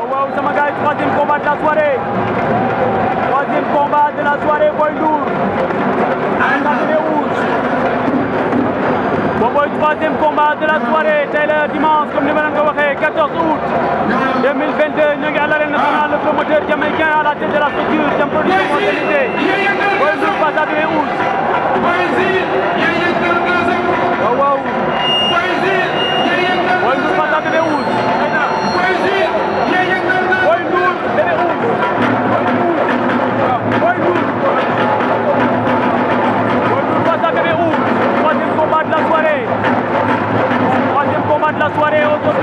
Oh, waaw sama gars yi troisième combat la soirée combat de la soirée Boy Ndour ak Catégorie rouge boobu mooy troisième combat de la soirée tey dimanche comme ni ma leen ko août 2022 ñu ngi à l'arène nationale le promoteur jamaïcain à la tête de la structure Jam Production organisée Suarez, é outro do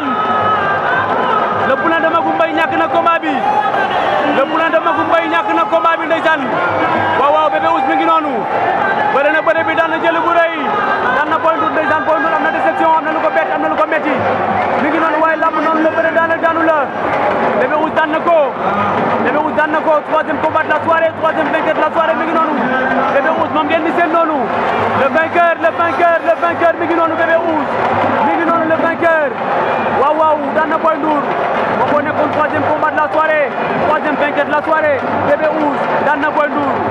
ndeysaan le poulain de Magou na combat bi le poulain de Magou Mbaye ñàkk na combat bi ndeysaan waaw waaw bébé Ousse mi ngi noonu na bëre bi daan na jël bu rëy daan na pointu am na déception am na lu ko am na lu ko metti mi ngi noonu noonu la bëre daan na daanu la bébé Ousse daan na ko bébé Ousse daan na ko troisième combat de la soirée troisième vainqueur la soirée mi ngi bébé Ousse moom ngeen di noonu le vainqueur le vainqueur le vainqueur mi Boy Ndour moo ko nekkoon troisième combat de la soirée troisième vainqueur de la soirée Bébé Ouz daan